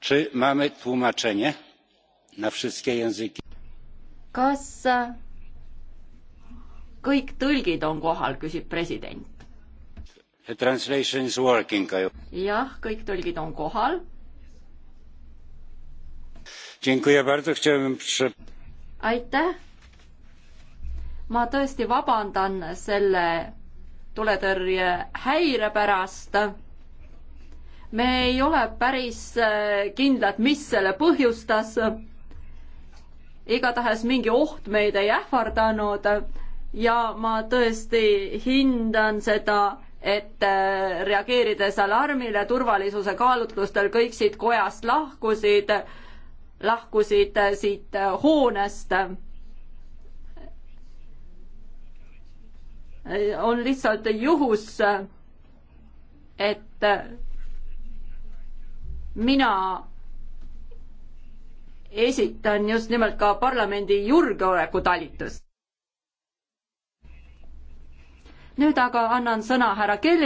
Czy mamy tłumaczenie na wszystkie języki? Kas äh, kõik tõlgid on kohal, küsib president. The translation is working. jah, kõik tõlgid on kohal. aitäh. ma tõesti vabandan selle tuletõrje häire pärast me ei ole päris äh, kindlad, mis selle põhjustas. igatahes mingi oht meid ei ähvardanud ja ma tõesti hindan seda, et äh, reageerides alarmile turvalisuse kaalutlustel kõik siit kojast lahkusid, lahkusid äh, siit hoonest on lihtsalt juhus, et mina esitan just nimelt ka parlamendi julgeolekutalitust. nüüd aga annan sõna härra Kelly.